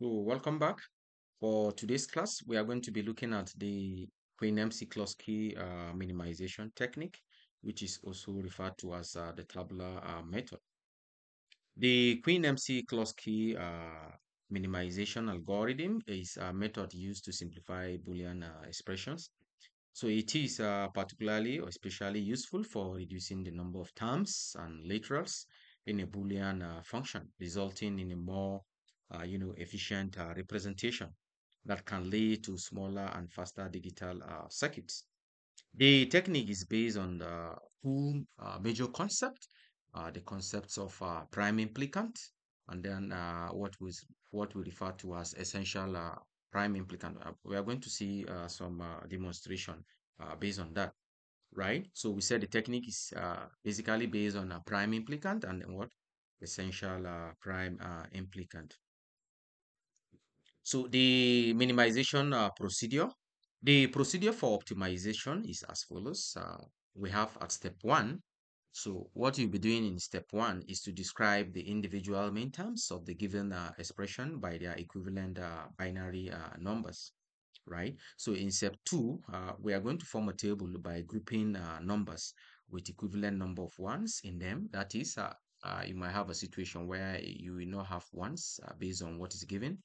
So welcome back. For today's class, we are going to be looking at the Queen McCluskey uh, minimization technique, which is also referred to as uh, the tabular uh, method. The Queen McCluskey uh, minimization algorithm is a method used to simplify Boolean uh, expressions. So it is uh, particularly or especially useful for reducing the number of terms and literals in a Boolean function, resulting in a more uh, you know, efficient uh, representation that can lead to smaller and faster digital uh, circuits. The technique is based on the two uh, major concepts, uh, the concepts of uh, prime implicant, and then what we what we refer to as essential prime implicant. we are going to see some demonstration based on that, right? So we said the technique is basically based on a prime implicant and what essential prime implicant. So the minimization uh, procedure, the procedure for optimization is as follows. Uh, we have at step one. So what you'll be doing in step one is to describe the individual main terms of the given uh, expression by their equivalent uh, binary uh, numbers, right? So in step two, uh, we are going to form a table by grouping numbers with equivalent number of ones in them. That is, you might have a situation where you will not have ones based on what is given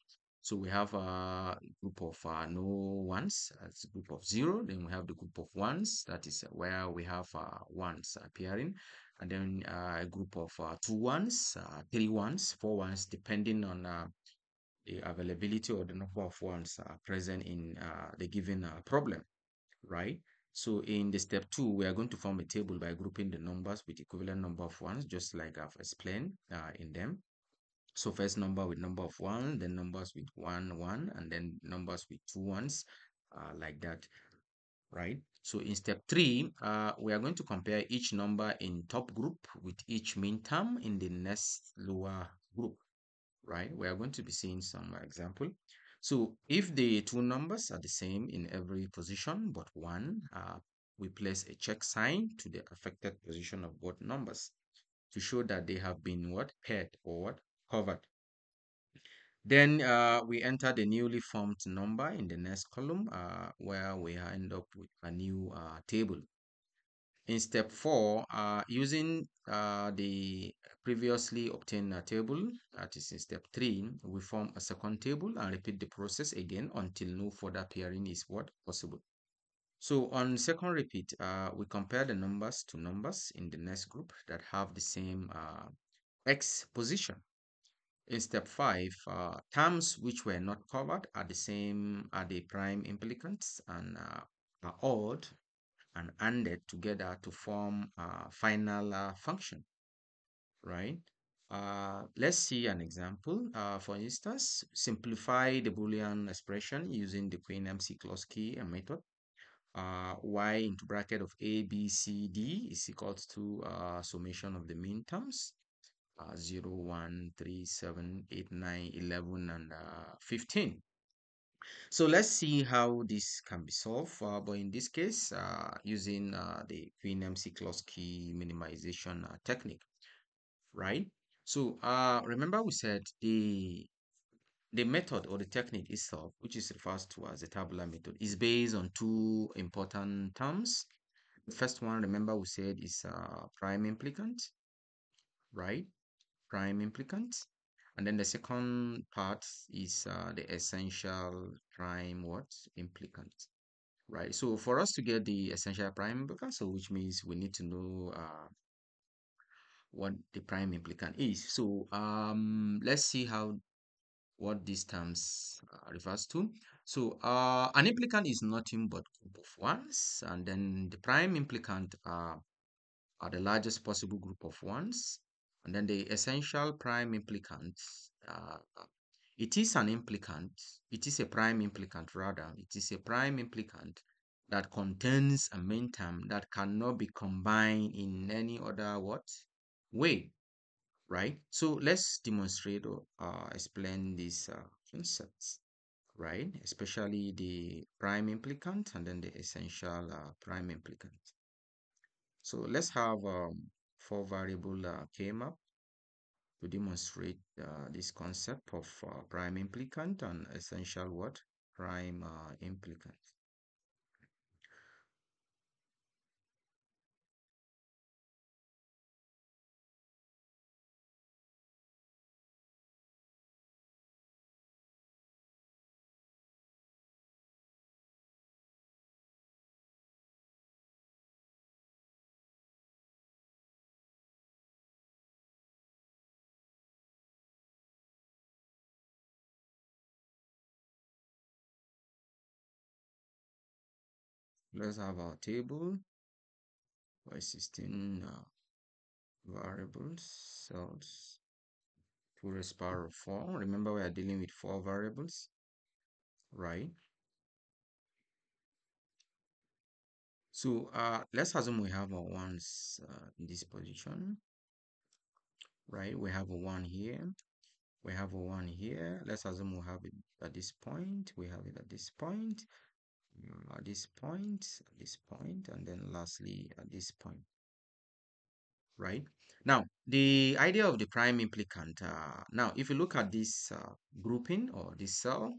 so we have a group of uh, no ones, that's a group of zero. Then we have the group of ones, that is where we have uh, ones appearing. And then uh, a group of uh, two ones, uh, three ones, four ones, depending on uh, the availability or the number of ones present in the given problem, right? So in the step two, we are going to form a table by grouping the numbers with equivalent number of ones, just like I've explained in them. So first number with number of one, then numbers with one, one, and then numbers with two ones, uh, like that, right? So in step three, uh, we are going to compare each number in top group with each mean term in the next lower group, right? We are going to be seeing some example. So if the two numbers are the same in every position but one, uh, we place a check sign to the affected position of both numbers to show that they have been what paired or what covered. Then uh, we enter the newly formed number in the next column uh, where we end up with a new uh, table. In step four, uh, using uh, the previously obtained uh, table, that is in step three, we form a second table and repeat the process again until no further pairing is what possible. So on second repeat, we compare the numbers to numbers in the next group that have the same X position in step 5, uh, terms which were not covered are the same are the prime implicants and uh, are odd and ended together to form a final uh, function, right? Uh, let's see an example. Uh, for instance, simplify the Boolean expression using the Queen MC clause key and method. Uh, y into bracket of a, b, c, d is equal to summation of the mean terms uh, 0, 1, 3, 7, 8, 9, 11, and uh, 15. So let's see how this can be solved. Uh, but in this case, uh, using uh, the Queen mc key minimization uh, technique, right? So uh, remember we said the the method or the technique itself, which is referred to as the tabular method, is based on two important terms. The first one, remember we said is prime implicant, right? prime implicants and then the second part is uh, the essential prime what implicant right so for us to get the essential prime implicant so which means we need to know uh, what the prime implicant is so um let's see how what these terms uh, refers to so uh an implicant is nothing but group of ones and then the prime implicant are the largest possible group of ones and then the essential prime implicant, uh, it is an implicant, it is a prime implicant rather, it is a prime implicant that contains a main term that cannot be combined in any other what way, right? So let's demonstrate or uh, explain these uh, concepts, right? Especially the prime implicant and then the essential uh, prime implicant. So let's have um, four variable uh, came up to demonstrate uh, this concept of uh, prime implicant and essential what prime uh, implicant let's have our table by 16 uh, variables cells to raised power of 4 remember we are dealing with four variables right so uh, let's assume we have our ones uh, in this position right we have a one here we have a one here let's assume we have it at this point we have it at this point Mm, at this point, at this point, and then lastly at this point, right? Now, the idea of the prime implicant, uh, now if you look at this uh, grouping or this cell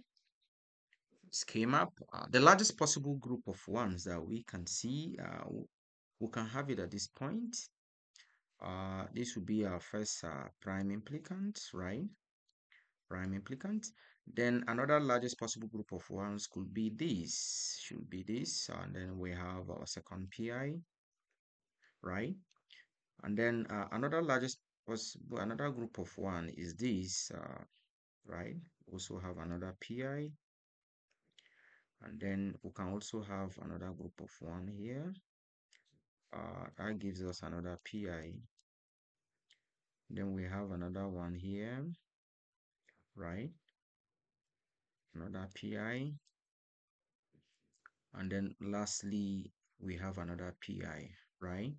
schema, uh, the largest possible group of ones that we can see, uh, we can have it at this point. Uh, this would be our first uh, prime implicant, right? Prime implicant. Then another largest possible group of ones could be this, should be this, and then we have our second PI, right? And then uh, another largest possible, another group of one is this, uh, right? Also have another PI, and then we can also have another group of one here. Uh, that gives us another PI. Then we have another one here, right? another PI. And then lastly, we have another PI, right?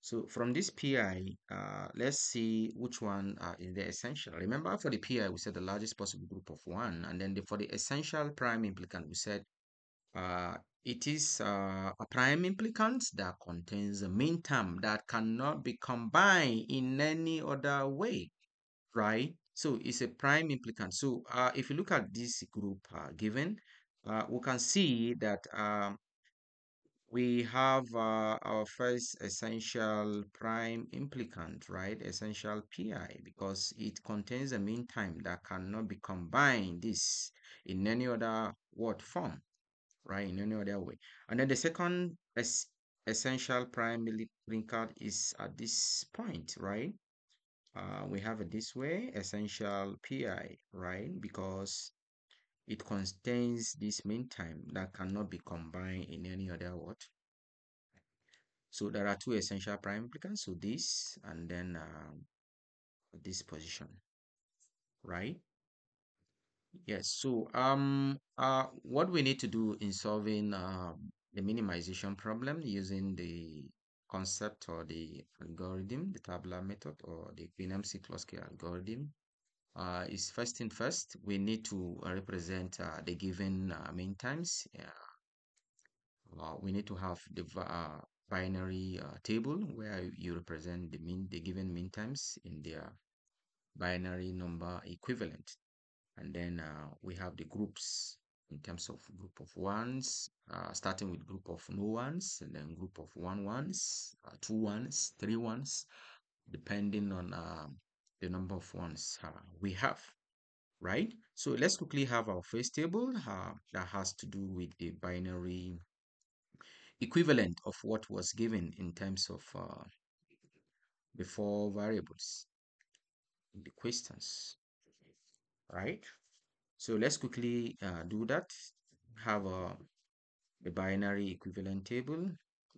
So from this PI, uh, let's see which one uh, is the essential. Remember for the PI, we said the largest possible group of one. And then the, for the essential prime implicant, we said uh, it is uh, a prime implicant that contains a mean term that cannot be combined in any other way, right? So it's a prime implicant. So uh, if you look at this group uh, given, uh, we can see that um, we have uh, our first essential prime implicant, right? Essential PI, because it contains a mean time that cannot be combined this in any other word form, right? In any other way. And then the second essential prime implicant is at this point, right? Uh, we have it this way essential pi right because it contains this mean time that cannot be combined in any other word so there are two essential prime implicants so this and then uh, this position right yes so um uh what we need to do in solving um, the minimization problem using the concept or the algorithm, the tabular method or the QNMC Kloski algorithm, uh, is first in first, we need to uh, represent uh, the given uh, mean times. Uh, we need to have the uh, binary table where you represent the mean, the given mean times in their binary number equivalent. And then we have the groups in terms of group of ones, uh, starting with group of no ones, and then group of one ones, uh, two ones, three ones, depending on uh, the number of ones uh, we have, right? So let's quickly have our first table uh, that has to do with the binary equivalent of what was given in terms of uh, the four variables in the questions, right? So let's quickly uh, do that. Have a, a binary equivalent table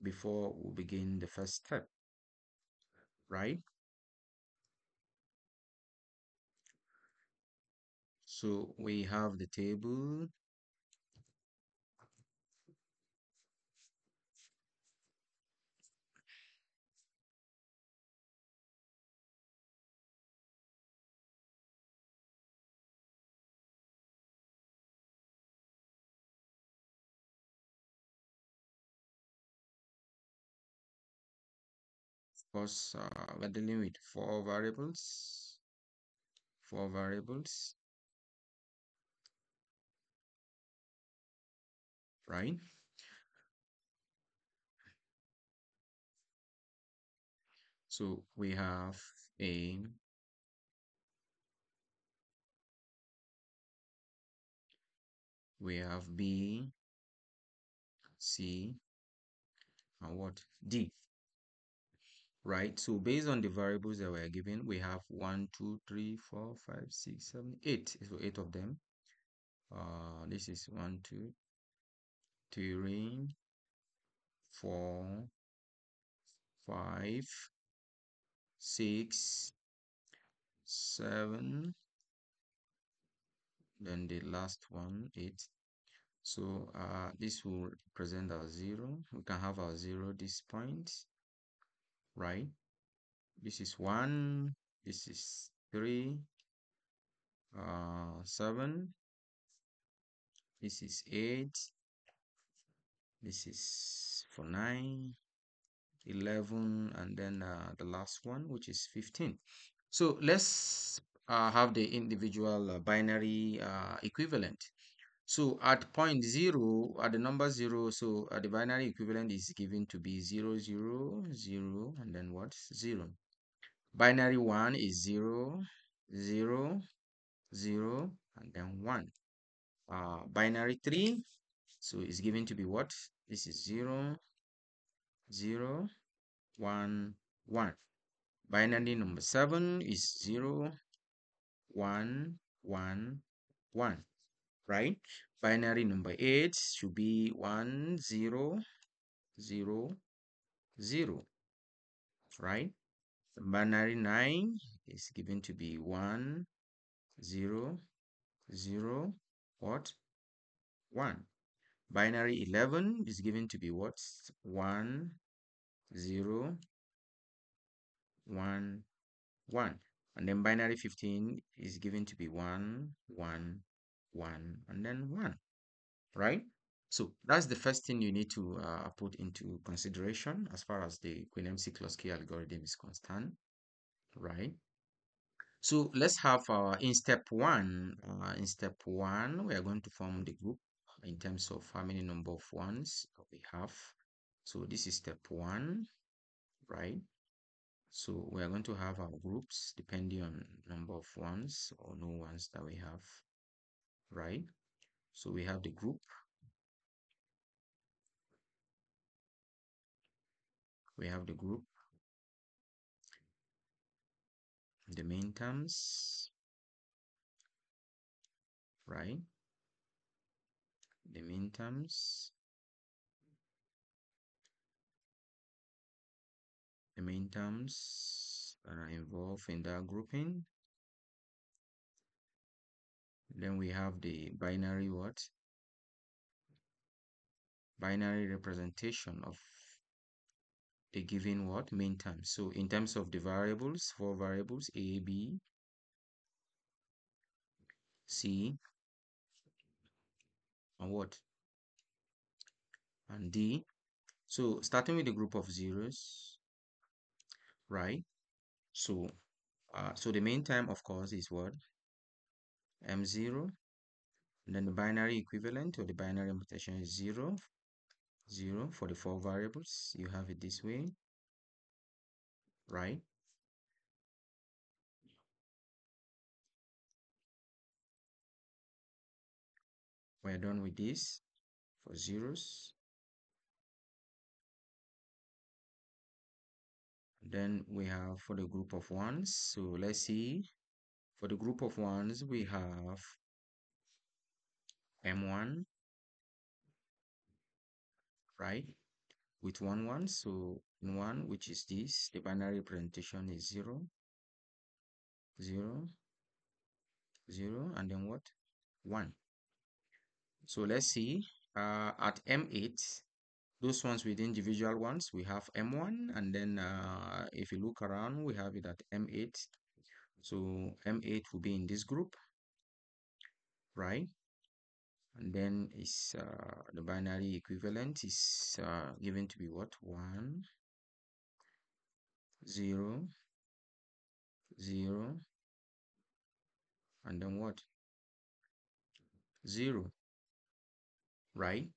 before we begin the first step, right? So we have the table because uh, we're dealing with four variables four variables right so we have a we have b c and what d right? So based on the variables that we are given, we have one, two, three, four, five, six, seven, eight. So eight of them. Uh, this is one, two, three, four, five, six, seven. Then the last one, eight. So uh, this will present our zero. We can have our zero this point right? This is 1, this is 3, uh, 7, this is 8, this is for nine, eleven, and then uh, the last one, which is 15. So let's uh, have the individual uh, binary uh, equivalent. So at point zero, at the number zero, so at uh, the binary equivalent is given to be zero, zero, zero, and then what? Zero. Binary one is zero, zero, zero, and then one. Uh, binary three, so is given to be what? This is zero, zero, one, one. Binary number seven is zero, one, one, one right? Binary number 8 should be 1, 0, 0, 0, right? Binary 9 is given to be 1, 0, 0, what? 1. Binary 11 is given to be what? 1, 0, 1, 1. And then binary 15 is given to be 1, 1, one, and then one, right? So that's the first thing you need to uh, put into consideration as far as the quinemsi K algorithm is concerned, right? So let's have our, uh, in step one, uh, in step one, we are going to form the group in terms of how many number of ones we have. So this is step one, right? So we are going to have our groups depending on number of ones or no ones that we have right? So we have the group. We have the group, the main terms, right? The main terms, the main terms are involved in that grouping then we have the binary what? Binary representation of the given what? Main term. So in terms of the variables, four variables, A, B, C, and what? And D. So starting with the group of zeros, right? So, uh, so the main time, of course, is what? m0 and then the mm-hmm. binary equivalent or the binary mutation is 0 0 for the four variables you have it this way right we're done with this for zeros then we have for the group of ones so let's see for the group of ones, we have M1, right? With one one, so in one, which is this, the binary representation is zero, zero, zero, and then what? One. So let's see, uh, at M8, those ones with individual ones, we have M1, and then uh, if you look around, we have it at M8, so m8 will be in this group right and then is uh, the binary equivalent is uh, given to be what one zero zero and then what zero right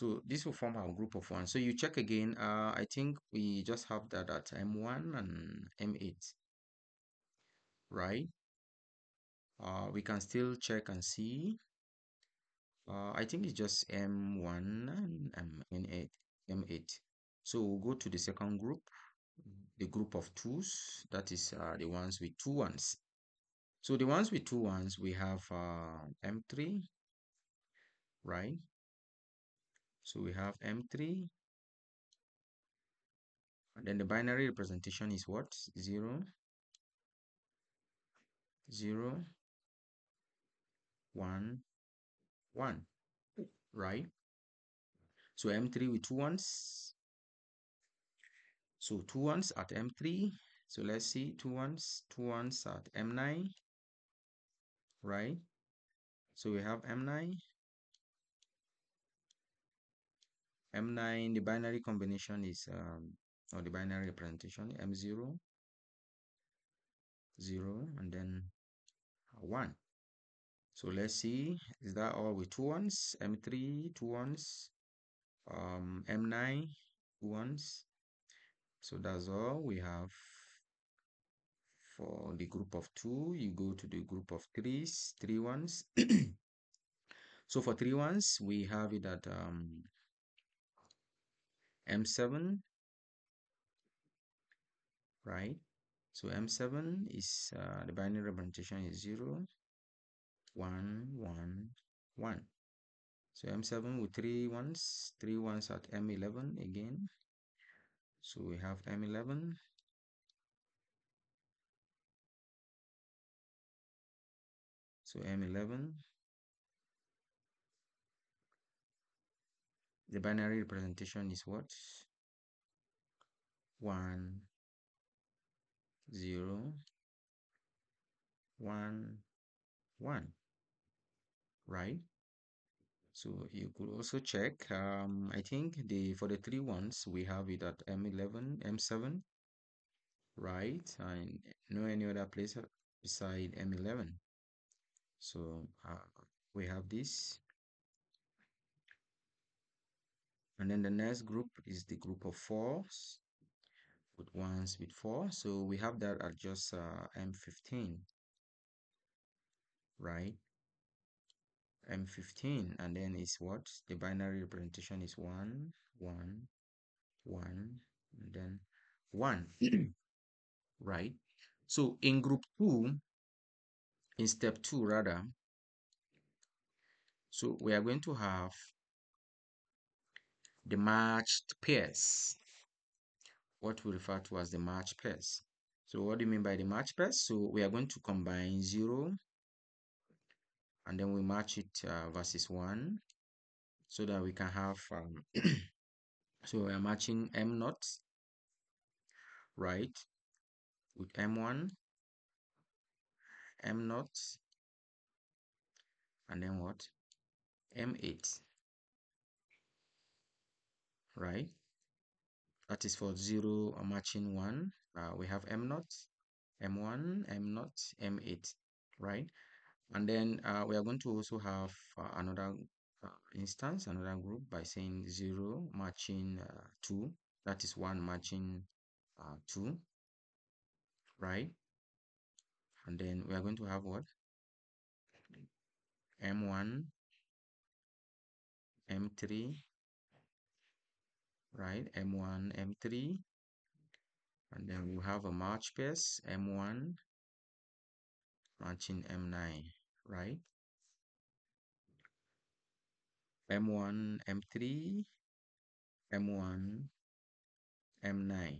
so this will form our group of one. So you check again. Uh, I think we just have that at M1 and M8, right? Uh, we can still check and see. Uh, I think it's just M1 and M8, M8. So we'll go to the second group, the group of twos. That is uh, the ones with two ones. So the ones with two ones, we have uh, M3, right? So we have M3. And then the binary representation is what? 0, 0, 1, 1, right? So M3 with two ones. So two ones at M3. So let's see two ones, two ones at M9, right? So we have M9, M9, the binary combination is, um, or the binary representation, M0, 0, and then 1. So let's see, is that all with two ones? M3, two ones, um, M9, two ones. So that's all we have for the group of two. You go to the group of threes, three ones. so for three ones, we have it at um, m7 right so m7 is uh, the binary representation is 0 1 1 1 so m7 with three ones three ones at m11 again so we have m11 so m11 the binary representation is what? 1, 0, 1, 1, right? So you could also check, um, I think the for the three ones, we have it at M11, M7, right? And no any other place beside M11. So uh, we have this And then the next group is the group of fours with ones with four. So we have that at just uh, M15, right? M15, and then it's what? The binary representation is one, one, one, and then one, right? So in group two, in step two rather, so we are going to have the matched pairs. What we refer to as the matched pairs. So what do you mean by the match pairs? So we are going to combine 0 and then we match it uh, versus 1 so that we can have, um, so we are matching m naught, right, with m1, m naught, and then what, m8 right? That is for 0 matching 1. Uh, we have M 0 M1, M 0 M8, right? And then uh, we are going to also have uh, another uh, instance, another group by saying 0 matching uh, 2. That is 1 matching uh, 2, right? And then we are going to have what? M1, M3, right? M1, M3. And then we have a march pace, M1, matching M9, right? M1, M3, M1, M9.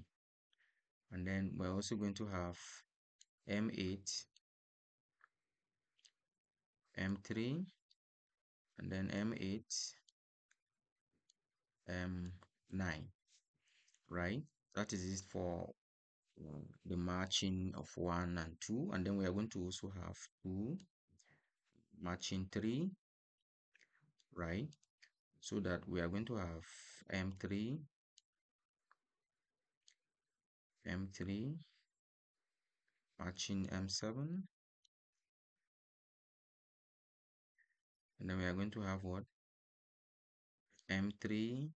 And then we're also going to have M8, M3, and then M8, M 9 right that is it for mm, the matching of 1 and 2 and then we are going to also have 2 matching 3 right so that we are going to have m3 m3 matching m7 and then we are going to have what m3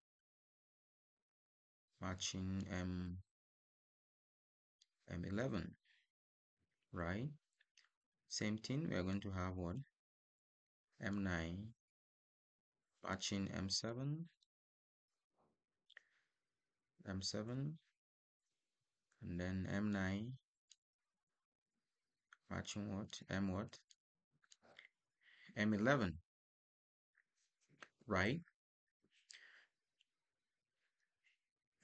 matching M um, M11 um, right same thing we are going to have what M9 matching M7 M7 and then M9 matching what M what M11 right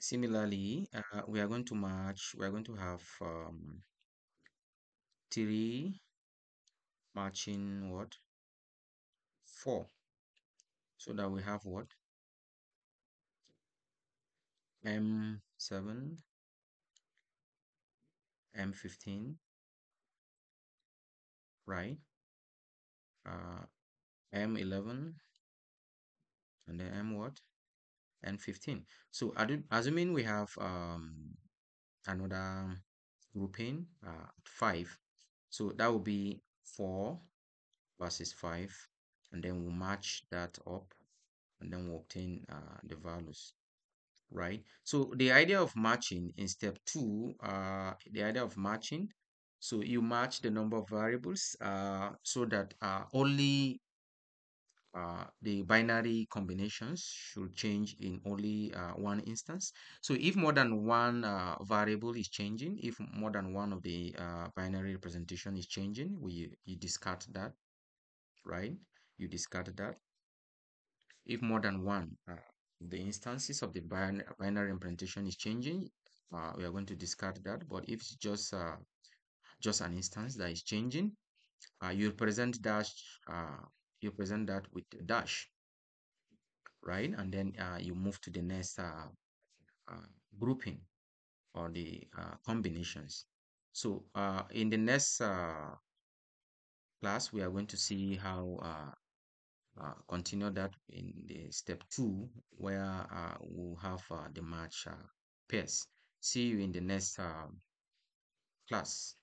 Similarly, uh, we are going to match, we are going to have um, three matching what? Four. So that we have what? M7, M15, right? Uh, M11, and then M what? and 15. So assuming we have um, another grouping uh, 5, so that will be 4 versus 5 and then we'll match that up and then we'll obtain uh, the values right so the idea of matching in step 2 uh, the idea of matching so you match the number of variables uh, so that uh, only uh, the binary combinations should change in only uh, one instance. So if more than one uh, variable is changing, if more than one of the uh, binary representation is changing, we you discard that, right? You discard that. If more than one, uh, the instances of the bin binary representation is changing, uh, we are going to discard that. But if it's just just an instance that is changing, you represent that you present that with a dash right and then uh, you move to the next uh, uh, grouping or the uh, combinations so uh, in the next uh, class we are going to see how continue that in the step two where we'll have the match pairs see you in the next class